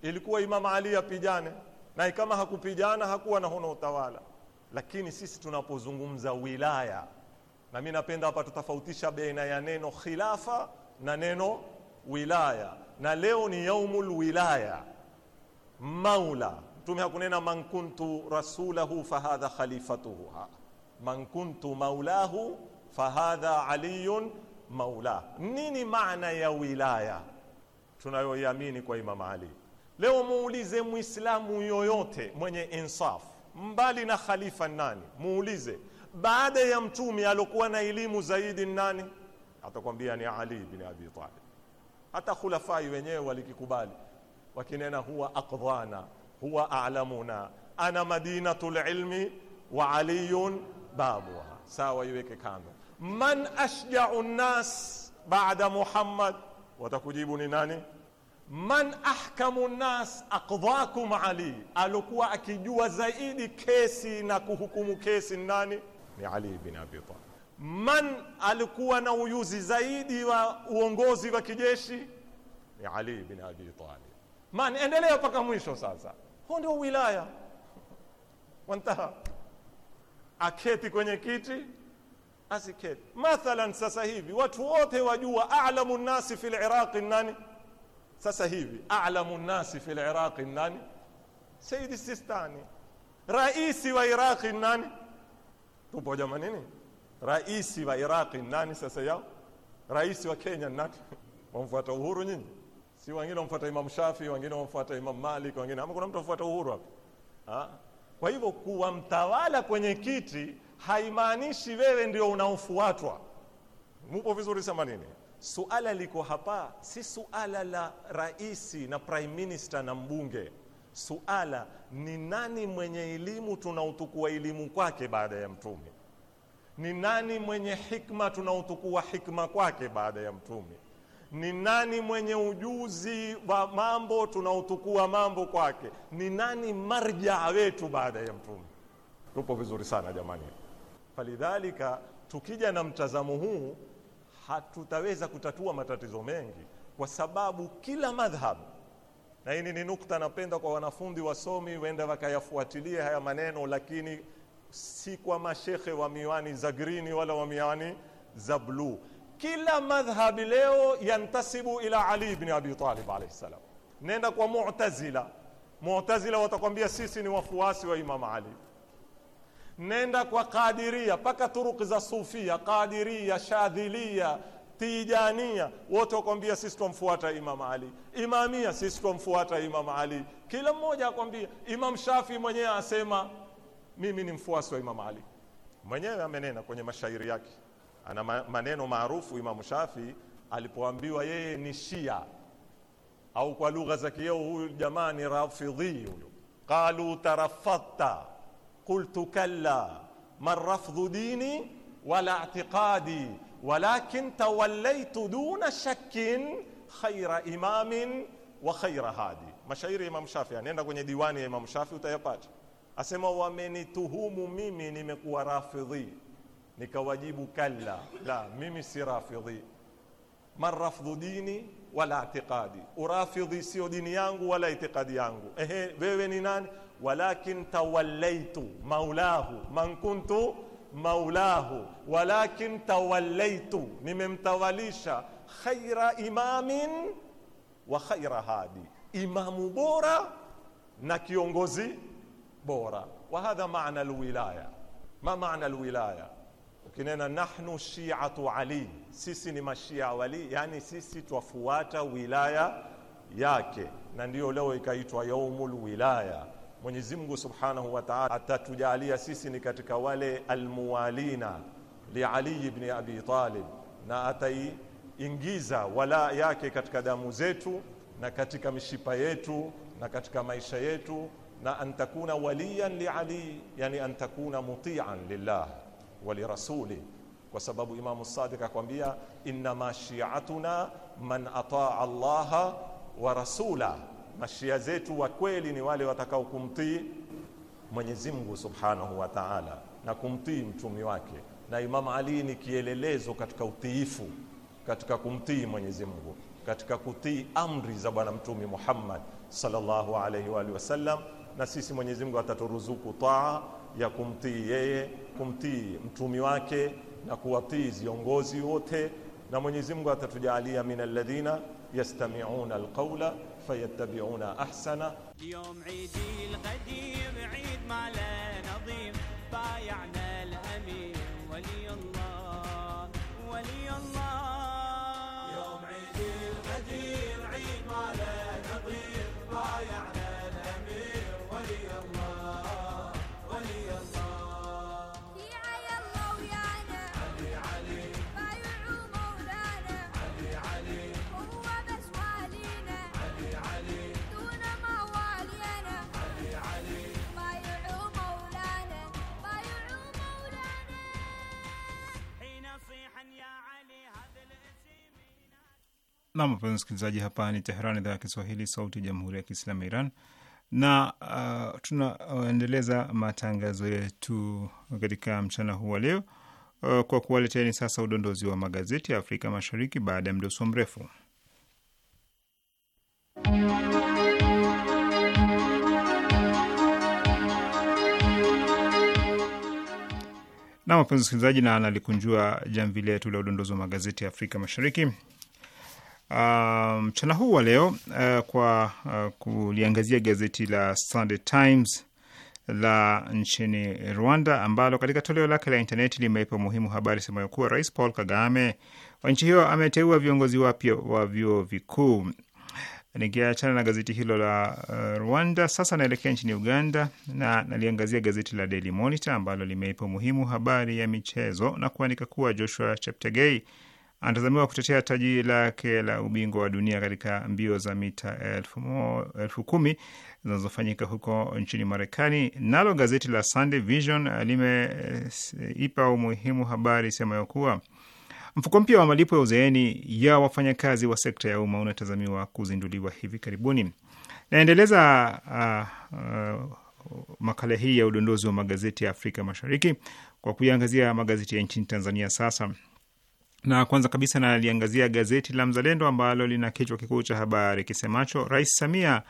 ilikuwa Imam Ali apijane na kama hakupijana hakuwa naona utawala, lakini sisi tunapozungumza wilaya, na mimi napenda hapa tutafautisha baina ya neno khilafa na neno wilaya, na leo ni yaumul wilaya maula Mtume hakunena man kuntu rasulahu fahadha khalifatuhu, man kuntu maulahu fahadha aliyun maula. Nini maana ya wilaya tunayoiamini kwa Imam Ali? Leo muulize Muislamu yoyote mwenye insaf, mbali na khalifa nani, muulize baada ya mtume aliokuwa na elimu zaidi nani, atakwambia ni Ali bin Abi Talib. Hata khulafai wenyewe walikikubali wakinena, huwa aqdhana huwa a'lamuna ana madinatul ilmi wa aliyun babuha. Sawa, iweke kando man ashjau nnas bada Muhammad, watakujibu ni nani? Man ahkamu nnas aqdhakum Ali, alikuwa akijua zaidi kesi na kuhukumu kesi nani? Ni Ali bin Abi Talib. Man alikuwa na uyuzi zaidi wa uongozi wa kijeshi? Ni Ali bin Abi Talib. Man, endelea mpaka mwisho. Sasa huo ndio wilaya *laughs* wantaha, aketi kwenye kiti asikeli. Mathalan, sasa hivi watu wote wajua a'lamu nasi fil iraqi nani? Sasa hivi a'lamu nasi fil iraqi nani? Sayyid Sistani. Raisi wa Iraqi nani? Tupo jamani, nini raisi wa Iraqi nani? Sasa yao raisi wa Kenya nani? *laughs* wamfuata Uhuru nyinyi? Si wengine wamfuata Imam Shafi, wengine wamfuata Imam Malik, wengine ama kuna mtu amfuata Uhuru hapa? Kwa hivyo kuwa mtawala kwenye kiti haimaanishi wewe ndio unaofuatwa. Mupo vizuri nini? Suala liko hapa, si suala la raisi na prime minister na mbunge. Suala ni nani mwenye elimu, tunautukua elimu kwake baada ya mtume ni nani mwenye hikma tunautukua hikma kwake baada ya mtume. Ni nani mwenye ujuzi wa mambo tunautukua mambo kwake. Ni nani marja wetu baada ya mtume. Tupo vizuri sana jamani. Falidhalika, tukija na mtazamo huu hatutaweza kutatua matatizo mengi, kwa sababu kila madhhab, na hii ni nukta napenda kwa wanafundi wasomi wenda wakayafuatilia haya maneno, lakini si kwa mashekhe wa miwani za green wala wa miwani za bluu. Kila madhhabi leo yantasibu ila Ali ibn Abi Talib alayhi salam. Nenda kwa Mu'tazila, Mu'tazila watakwambia sisi ni wafuasi wa Imam Ali nenda kwa Kadiria mpaka turuki za Sufia, Kadiria, Shadhilia, Tijania, wote wakwambia sisi twamfuata Imam Ali. Imamia, sisi twamfuata Imam Ali. Kila mmoja akwambia. Imam Shafi mwenyewe asema mimi ni mfuasi wa Imam Ali, mwenyewe amenena kwenye mashairi yake. Ana maneno maarufu Imam Shafi alipoambiwa yeye ni Shia au kwa lugha za kieo, huyu jamaa ni Rafidhi, huyo qalu tarafatta qultu kalla ma rafdhu dini wala i'tiqadi walakin tawallaitu duna shakkin khaira imamin wa khaira hadi. Mashairi ya Imam Shafi, nenda kwenye diwani ya imamu Shafi utayapata. Asema wamenituhumu mimi nimekuwa rafidhi, nikawajibu kalla la, mimi si rafidhi. Man dini wala i'tiqadi, urafidhi sio dini yangu wala itiqadi yangu. Ehe, wewe ni nani? walakin tawallaitu maulahu man kuntu maulahu walakin tawallaitu, nimemtawalisha khaira imamin wa khaira hadi, imamu bora na kiongozi bora. Wa hadha maana alwilaya. Ma maana alwilaya? Ukinena nahnu shiatu Ali, sisi ni mashia wali, yani sisi twafuata wilaya yake, na ndiyo leo ikaitwa yaumul wilaya Mwenyezi Mungu Subhanahu wa Ta'ala atatujalia sisi ni katika wale almuwalina li Ali ibn Abi Talib, na ataiingiza wala yake katika damu zetu na katika mishipa yetu na katika maisha yetu, na antakuna waliyan li Ali, yani antakuna mutian lillah wa lirasuli, kwa sababu Imamu Sadiq akwambia, inna ma shi'atuna man ataa Allaha wa rasula mashia zetu wa kweli ni wale watakao kumtii Mwenyezi Mungu Subhanahu wa Ta'ala na kumtii mtumi wake, na Imam Ali ni kielelezo katika utiifu, katika kumtii Mwenyezi Mungu, katika kutii amri za bwana mtumi Muhammad sallallahu alayhi wa alihi wasallam. Na sisi Mwenyezi Mungu ataturuzuku taa ya kumtii yeye, kumtii mtumi wake na kuwatii viongozi wote, na Mwenyezi Mungu atatujalia min alladhina yastami'una alqawla فيتبعون أحسن يوم عيدي القديم عيد ما لا نظيم بايعنا الأمير ولي الله ولي الله Nam, mpenzi msikilizaji, hapa ni Teheran, idhaa ya Kiswahili, sauti ya jamhuri ya kiislamu ya Iran na uh, tunaendeleza matangazo yetu katika mchana huu wa leo uh, kwa kuwaleteni sasa udondozi wa magazeti ya Afrika Mashariki baada ya mdoso mrefu. Na wapenzi msikilizaji, na analikunjua jamvi letu la udondozi wa magazeti ya Afrika Mashariki Uh, mchana um, huu wa leo uh, kwa uh, kuliangazia gazeti la Sunday Times la nchini Rwanda ambalo katika toleo lake la intaneti limeipa umuhimu habari semayo kuwa Rais Paul Kagame wa nchi hiyo ameteua viongozi wapya wa vyuo vikuu. Nikiachana na gazeti hilo la uh, Rwanda, sasa naelekea nchini Uganda na naliangazia gazeti la Daily Monitor ambalo limeipa umuhimu habari ya michezo na kuandika kuwa Joshua Cheptegei anatazamiwa kutetea taji lake la ubingwa wa dunia katika mbio za mita elfu, elfu kumi zinazofanyika huko nchini Marekani. Nalo gazeti la Sunday Vision eh, limeipa umuhimu habari isemayo kuwa mfuko mpya wa malipo ya uzeeni ya wafanyakazi wa sekta ya umma unatazamiwa kuzinduliwa hivi karibuni. Naendeleza uh, uh, makala hii ya udondozi wa magazeti ya Afrika Mashariki kwa kuiangazia magazeti ya nchini Tanzania sasa na kwanza kabisa naliangazia gazeti la Mzalendo ambalo lina kichwa kikuu cha habari kisemacho Rais Samia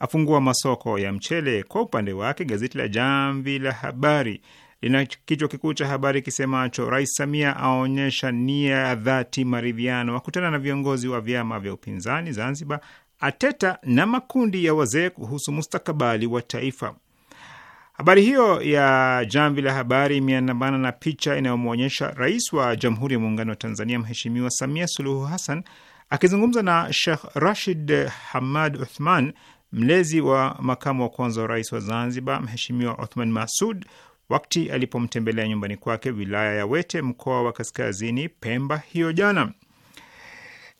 afungua masoko ya mchele. Kwa upande wake gazeti la Jamvi la Habari lina kichwa kikuu cha habari kisemacho Rais Samia aonyesha nia ya dhati maridhiano, akutana na viongozi wa vyama vya upinzani Zanzibar, ateta na makundi ya wazee kuhusu mustakabali wa taifa. Habari hiyo ya Jamvi la Habari imeandamana na picha inayomwonyesha rais wa Jamhuri ya Muungano wa Tanzania, Mheshimiwa Samia Suluhu Hassan akizungumza na shekh Rashid Hamad Uthman, mlezi wa makamu wa kwanza wa rais wa Zanzibar, Mheshimiwa Othman Masud wakati alipomtembelea nyumbani kwake wilaya ya Wete, mkoa wa Kaskazini Pemba hiyo jana.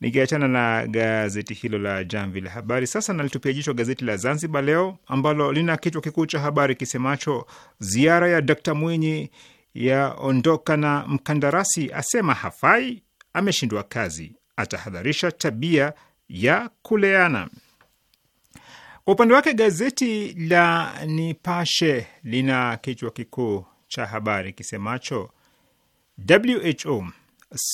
Nikiachana na gazeti hilo la Jamvi la Habari, sasa nalitupia jicho gazeti la Zanzibar Leo ambalo lina kichwa kikuu cha habari kisemacho ziara ya Dkt Mwinyi yaondoka na mkandarasi asema hafai, ameshindwa kazi, atahadharisha tabia ya kuleana. Kwa upande wake gazeti la Nipashe lina kichwa kikuu cha habari kisemacho WHO,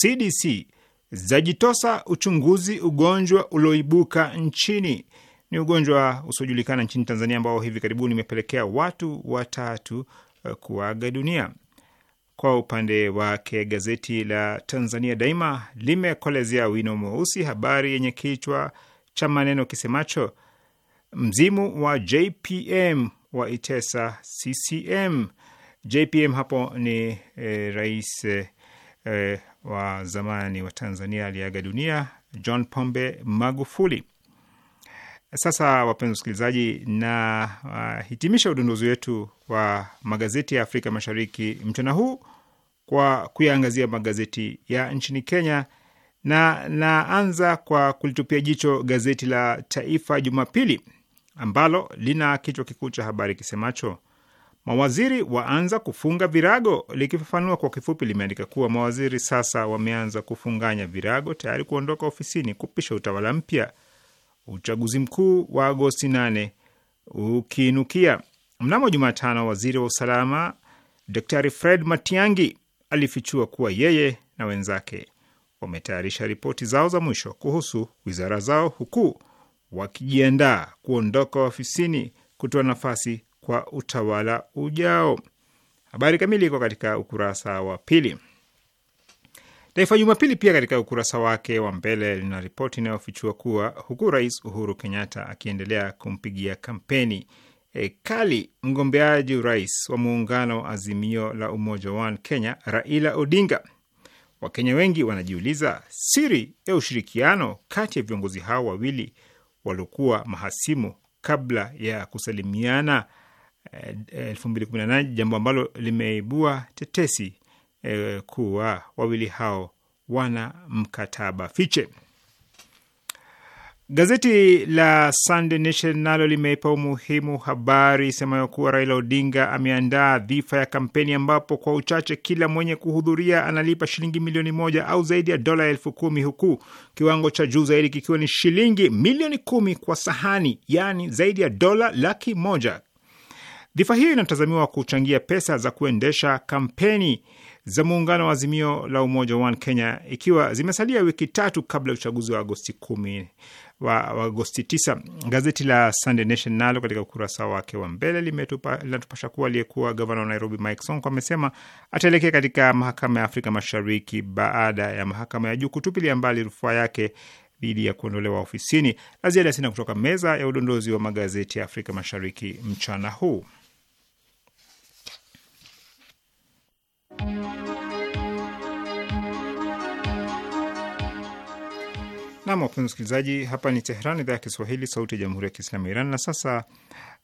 CDC zajitosa uchunguzi ugonjwa ulioibuka nchini. Ni ugonjwa usiojulikana nchini Tanzania ambao hivi karibuni imepelekea watu watatu eh, kuaga dunia. Kwa upande wake gazeti la Tanzania Daima limekolezea wino mweusi habari yenye kichwa cha maneno kisemacho mzimu wa JPM wa itesa CCM. JPM hapo ni eh, rais eh, wa zamani wa Tanzania aliaga dunia, John Pombe Magufuli. Sasa wapenzi wasikilizaji, na uh, hitimisha udunduzi wetu wa magazeti ya Afrika Mashariki mchana huu kwa kuyaangazia magazeti ya nchini Kenya, na naanza kwa kulitupia jicho gazeti la Taifa Jumapili ambalo lina kichwa kikuu cha habari kisemacho mawaziri waanza kufunga virago. Likifafanua kwa kifupi, limeandika kuwa mawaziri sasa wameanza kufunganya virago, tayari kuondoka ofisini kupisha utawala mpya, uchaguzi mkuu wa Agosti 8 ukiinukia. Mnamo Jumatano, waziri wa usalama Daktari Fred Matiangi alifichua kuwa yeye na wenzake wametayarisha ripoti zao za mwisho kuhusu wizara zao huku wakijiandaa kuondoka ofisini kutoa nafasi kwa utawala ujao. Habari kamili iko katika ukurasa wa pili. Taifa Jumapili pia katika ukurasa wake wa mbele lina ripoti inayofichua kuwa huku Rais Uhuru Kenyatta akiendelea kumpigia kampeni e, kali mgombeaji urais wa muungano wa Azimio la Umoja wa Kenya Raila Odinga, Wakenya wengi wanajiuliza siri ya ushirikiano kati ya viongozi hao wawili waliokuwa mahasimu kabla ya kusalimiana Eh, elfu mbili kumi na nane jambo ambalo limeibua tetesi e, kuwa wawili hao wana mkataba fiche. Gazeti la Sunday Nation nalo limeipa umuhimu habari isemayo kuwa Raila Odinga ameandaa dhifa ya kampeni ambapo kwa uchache kila mwenye kuhudhuria analipa shilingi milioni moja au zaidi ya dola elfu kumi huku kiwango cha juu zaidi kikiwa ni shilingi milioni kumi kwa sahani, yaani zaidi ya dola laki moja. Dhifa hiyo inatazamiwa kuchangia pesa za kuendesha kampeni za muungano wa Azimio la Umoja wa Kenya, ikiwa zimesalia wiki tatu kabla ya uchaguzi wa Agosti kumi wa Agosti 9. Gazeti la Sunday Nation nalo katika ukurasa wake wa mbele linatupasha kuwa aliyekuwa gavana wa Nairobi Mike Sonko amesema ataelekea katika mahakama ya Afrika Mashariki baada ya mahakama ya juu kutupilia mbali rufaa yake dhidi ya kuondolewa ofisini. La ziada sina kutoka meza ya udondozi wa magazeti ya Afrika Mashariki mchana huu. Nam, wapenzi msikilizaji, hapa ni Tehran, idhaa ya Kiswahili, sauti ya jamhuri ya kiislamu ya Iran. Na sasa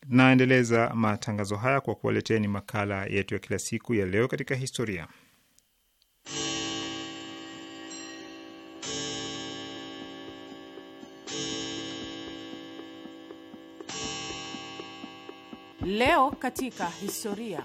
naendeleza matangazo haya kwa kuwaletea ni makala yetu ya kila siku ya leo katika historia. Leo katika historia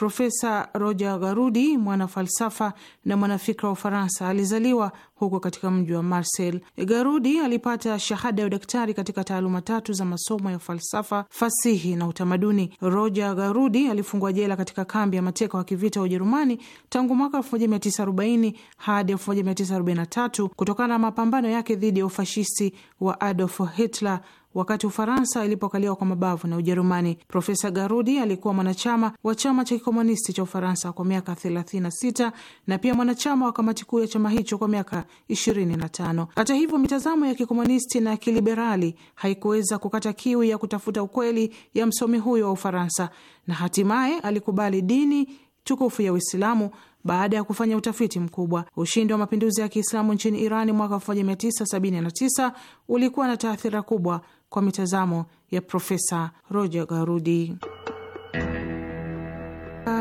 Profesa Roger Garudi, mwanafalsafa na mwanafikra wa Ufaransa, alizaliwa huko katika mji wa marsel Garudi alipata shahada ya udaktari katika taaluma tatu za masomo ya falsafa, fasihi na utamaduni. Roger Garudi alifungwa jela katika kambi ya mateka wa kivita wa Ujerumani tangu mwaka 1940 hadi 1943 kutokana na mapambano yake dhidi ya ufashisti wa Adolf Hitler Wakati Ufaransa ilipokaliwa kwa mabavu na Ujerumani, Profesa Garudi alikuwa mwanachama wa chama cha kikomunisti cha Ufaransa kwa miaka 36 na pia mwanachama wa kamati kuu ya chama hicho kwa miaka 25. Hata hivyo, mitazamo ya kikomunisti na kiliberali haikuweza kukata kiu ya kutafuta ukweli ya msomi huyo wa Ufaransa, na hatimaye alikubali dini tukufu ya Uislamu baada ya kufanya utafiti mkubwa. Ushindi wa mapinduzi ya Kiislamu nchini Irani mwaka 1979 ulikuwa na taathira kubwa kwa mitazamo ya Profesa Roger Garudi.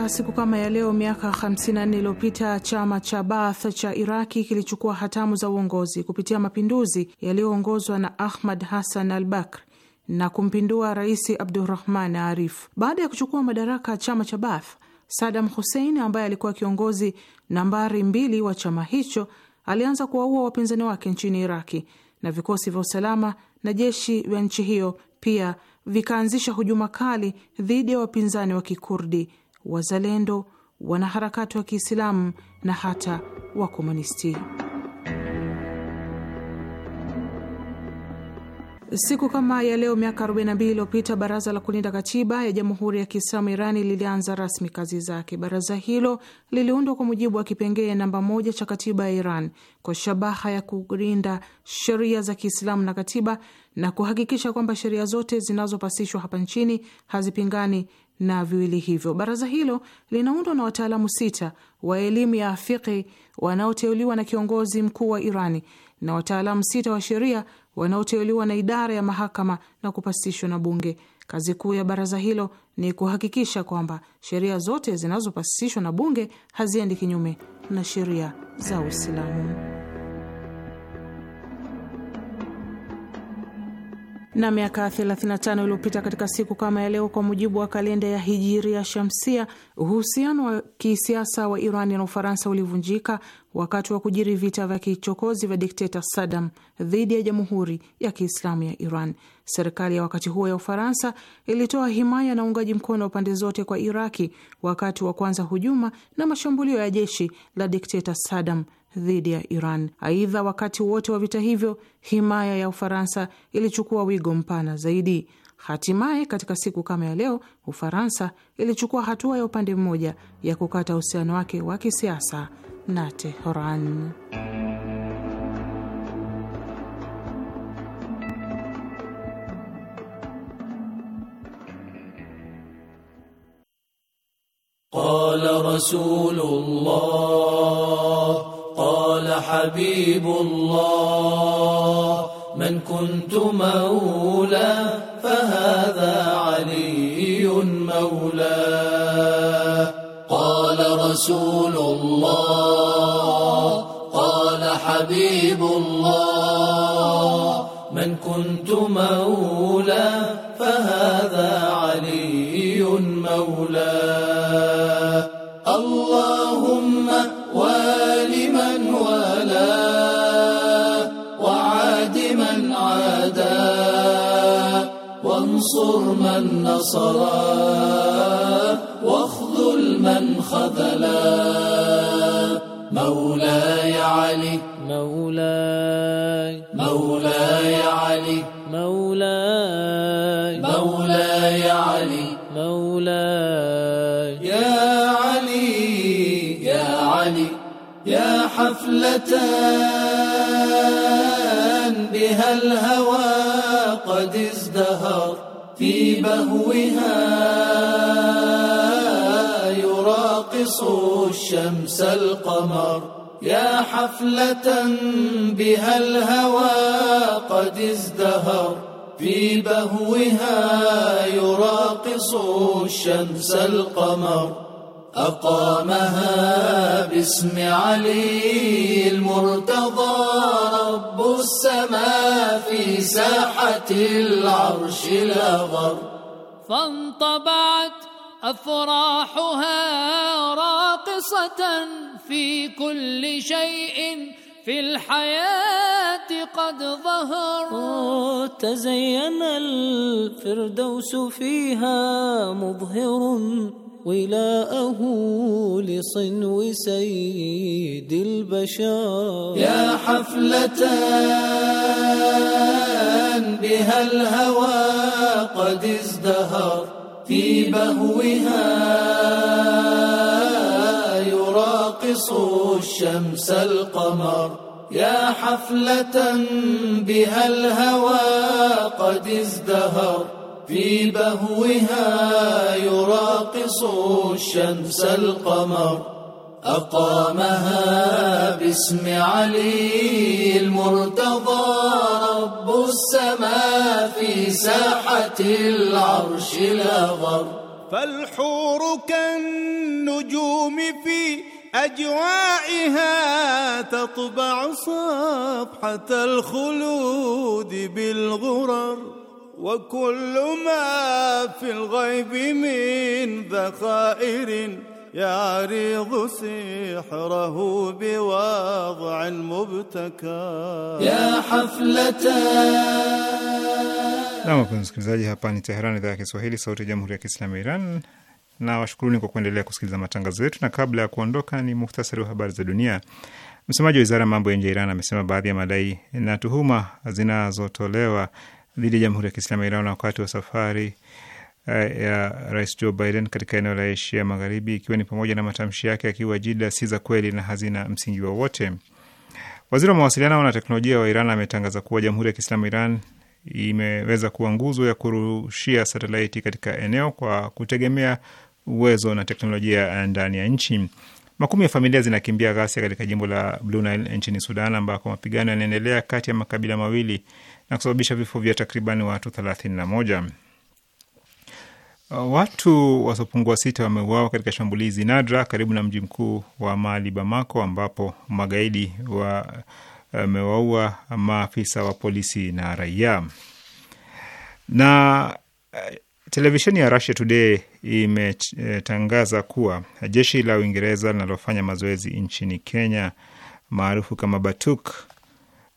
Siku kama ya leo miaka 54 iliyopita chama cha Baath cha Iraki kilichukua hatamu za uongozi kupitia mapinduzi yaliyoongozwa na Ahmad Hassan al Bakr na kumpindua Rais Abdurahman Arif. Baada ya kuchukua madaraka chama cha Baath, Sadam Hussein ambaye alikuwa kiongozi nambari mbili wa chama hicho alianza kuwaua wapinzani wake nchini Iraki, na vikosi vya usalama na jeshi la nchi hiyo pia vikaanzisha hujuma kali dhidi ya wapinzani wa Kikurdi, wazalendo, wanaharakati wa Kiislamu na hata wakomunisti. Siku kama ya leo miaka 42 iliyopita baraza la kulinda katiba ya jamhuri ya Kiislamu Irani lilianza rasmi kazi zake. Baraza hilo liliundwa kwa mujibu wa kipengee namba moja cha katiba ya Iran kwa shabaha ya kulinda sheria za Kiislamu na katiba na kuhakikisha kwamba sheria zote zinazopasishwa hapa nchini hazipingani na viwili hivyo. Baraza hilo linaundwa na wataalamu sita wa elimu ya afiki wanaoteuliwa na kiongozi mkuu wa Irani na wataalamu sita wa sheria wanaoteuliwa na idara ya mahakama na kupasishwa na bunge. Kazi kuu ya baraza hilo ni kuhakikisha kwamba sheria zote zinazopasishwa na bunge haziendi kinyume na sheria za Uislamu. na miaka 35 iliyopita katika siku kama ya leo, kwa mujibu wa kalenda ya hijiria shamsia, uhusiano wa kisiasa wa Irani na Ufaransa ulivunjika wakati wa kujiri vita vya kichokozi vya dikteta Sadam dhidi ya jamhuri ya Kiislamu ya Iran. Serikali ya wakati huo ya Ufaransa ilitoa himaya na uungaji mkono wa pande zote kwa Iraki wakati wa kwanza hujuma na mashambulio ya jeshi la dikteta Sadam dhidi ya Iran. Aidha, wakati wote wa vita hivyo himaya ya Ufaransa ilichukua wigo mpana zaidi. Hatimaye katika siku kama ya leo, Ufaransa ilichukua hatua ya upande mmoja ya kukata uhusiano wake wa kisiasa na Teheran. Qala Rasulullah قال حبيب الله من كنت مولى فهذا علي مولاه قال رسول الله قال حبيب الله من كنت مولى فهذا علي مولاه اللهم وآل وانصر من نصرا واخذل من خذلا مولاي علي مولاي مولاي علي مولاي مولاي علي مولاي يا علي يا علي يا حفلة بها الهوى قد ازدهر في بهوها يراقص الشمس القمر يا حفلة بها الهوى قد ازدهر في بهوها يراقص الشمس القمر أقامها باسم علي المرتضى رب السماء في ساحة العرش الأغر فانطبعت أفراحها راقصة في كل شيء في الحياة قد ظهر تزين الفردوس فيها مظهر ولاءه لصنو سيد البشر يا حفلة بها الهوى قد ازدهر في بهوها يراقص الشمس القمر يا حفلة بها الهوى قد ازدهر في بهوها يراقص الشمس القمر أقامها باسم علي المرتضى رب السماء في ساحة العرش الأغر فالحور كالنجوم في أجوائها تطبع صفحة الخلود بالغرر وكل ما في الغيب من ذخائر يعرض سحره بوضع مبتكر يا حفلة نعم wapenzi msikilizaji, hapa ni Teheran, idhaa ya Kiswahili, sauti ya jamhuri ya kiislamu ya Iran. Na washukuruni kwa kuendelea kusikiliza matangazo yetu, na kabla ya kuondoka ni muhtasari wa habari za dunia. Msemaji wa wizara ya mambo ya nje ya Iran amesema baadhi ya madai na tuhuma zinazotolewa dhidi ya Jamhuri ya Kiislamu ya Iran wakati wa safari eh, ya Rais Joe Biden katika eneo la Asia Magharibi, ikiwa ni pamoja na matamshi yake akiwa Jida si za kweli na hazina msingi wowote. Waziri wa mawasiliano na teknolojia wa Iran ametangaza kuwa Jamhuri ya Kiislamu Iran imeweza kuwa nguzo ya kurushia satelaiti katika eneo kwa kutegemea uwezo na teknolojia ndani ya nchi. Makumi ya familia zinakimbia ghasia katika jimbo la Blue Nile nchini Sudan, ambako mapigano yanaendelea kati ya makabila mawili na kusababisha vifo vya takribani watu 31. Uh, watu wasiopungua sita wameuawa katika shambulizi nadra karibu na mji mkuu wa Mali, Bamako, ambapo magaidi wamewaua uh, maafisa wa polisi na raia. Na uh, televisheni ya Russia Today imetangaza kuwa jeshi la Uingereza linalofanya mazoezi nchini Kenya maarufu kama Batuk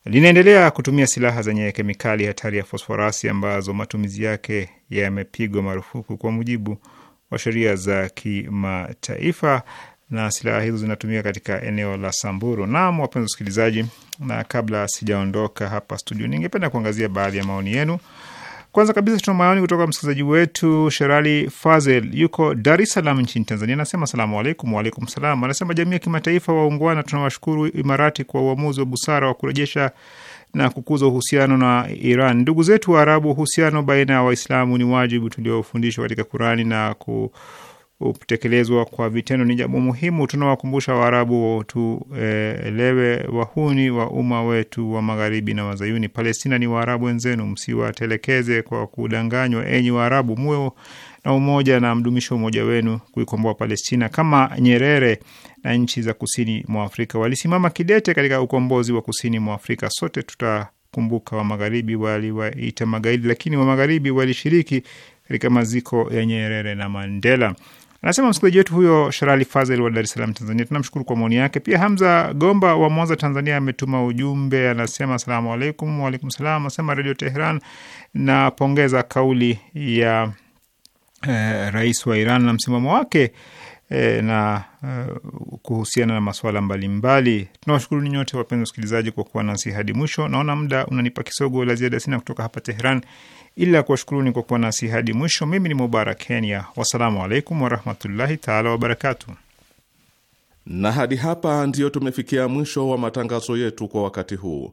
linaendelea kutumia silaha zenye kemikali hatari ya fosforasi ambazo matumizi yake yamepigwa marufuku kwa mujibu wa sheria za kimataifa na silaha hizo zinatumika katika eneo la Samburu. Naam, wapenzi wasikilizaji, na kabla sijaondoka hapa studio, ningependa kuangazia baadhi ya maoni yenu kwanza kabisa tuna maoni kutoka msikilizaji wetu Sherali Fazel, yuko Dar es Salaam nchini Tanzania. Anasema asalamu alaikum. Waalaikum salam. Anasema jamii ya kimataifa waungwana, tunawashukuru Imarati kwa uamuzi wa busara wa kurejesha na kukuza uhusiano na Iran. Ndugu zetu Waarabu, uhusiano baina ya Waislamu ni wajibu tuliofundishwa katika Kurani na ku kutekelezwa kwa vitendo ni jambo muhimu. Tunawakumbusha Waarabu watuelewe eh, wahuni wa umma wetu wa magharibi na Wazayuni. Palestina ni Waarabu wenzenu, msiwatelekeze kwa kudanganywa. Enyi Waarabu, muwe na umoja na mdumisho umoja wenu kuikomboa Palestina, kama Nyerere na nchi za kusini mwa Afrika walisimama kidete katika ukombozi wa kusini mwa Afrika. Sote tutakumbuka wa magharibi waliwaita magaidi, lakini wa magharibi walishiriki katika maziko ya Nyerere na Mandela. Anasema msikilizaji wetu huyo Sharali Fazel wa Dar es Salaam, Tanzania. Tunamshukuru kwa maoni yake. Pia Hamza Gomba wa Mwanza, Tanzania, ametuma ujumbe, anasema asalamu alaikum. Waalaikum salam. Anasema Redio Teheran, napongeza kauli ya eh, rais wa Iran na msimamo wake e, na uh, kuhusiana na masuala mbalimbali. Tunawashukuruni nyote wapenzi wasikilizaji kwa kuwa nasi hadi mwisho. Naona muda unanipa kisogo, la ziada sina kutoka hapa Tehran, ila kuwashukuruni kwa kuwa nasi hadi mwisho. Mimi ni Mubarak Kenya, wassalamu alaikum warahmatullahi taala wabarakatu. Na hadi hapa ndiyo tumefikia mwisho wa matangazo yetu kwa wakati huu.